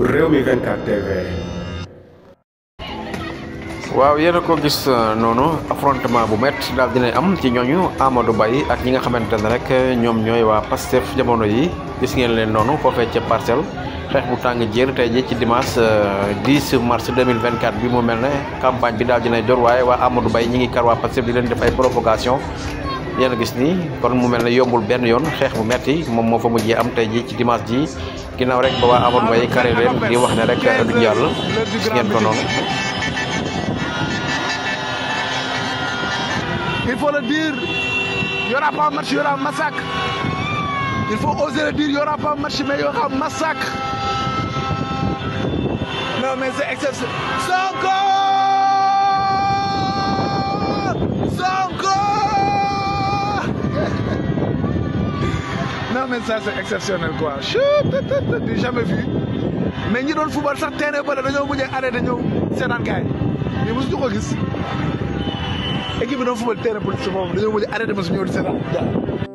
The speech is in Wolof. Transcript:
Rewmi 24 TV. waaw yéen ko gis euh, noonu affrontement bu métti daal dina am ci ñooñu Amadou Ba bay ak ñi nga xamante ne rek ñoom ñooy waa Pastef jamono yi gis ngeen leen noonu foofee ca parcelle xeex bu tàng jër tey ji ci dimanche 10 euh, mars 2024 bi mu mel ne campagne bi daal dina jor waaye waa Amadou Ba yi ñi ngi kar waa Pastef di leen def ay provocation yéen a gis nii kon mu mel ne yombul benn yoon xeex bu metti moom moo fa mujjee am tey ji ci dimanche ji ginnaaw rek ba waa abon bay carré leen di wax ne rek du jàll gis ngeen ko noonu il faut le dire y aura non mais ça c'est quoi mais ñi doon football sax terrain ba dañoo mujjee arrêté ñëw seetaan gars yi mais mosuñu ko gis équipe bi doon football dañoo mujjee arrêté mosu ñëw di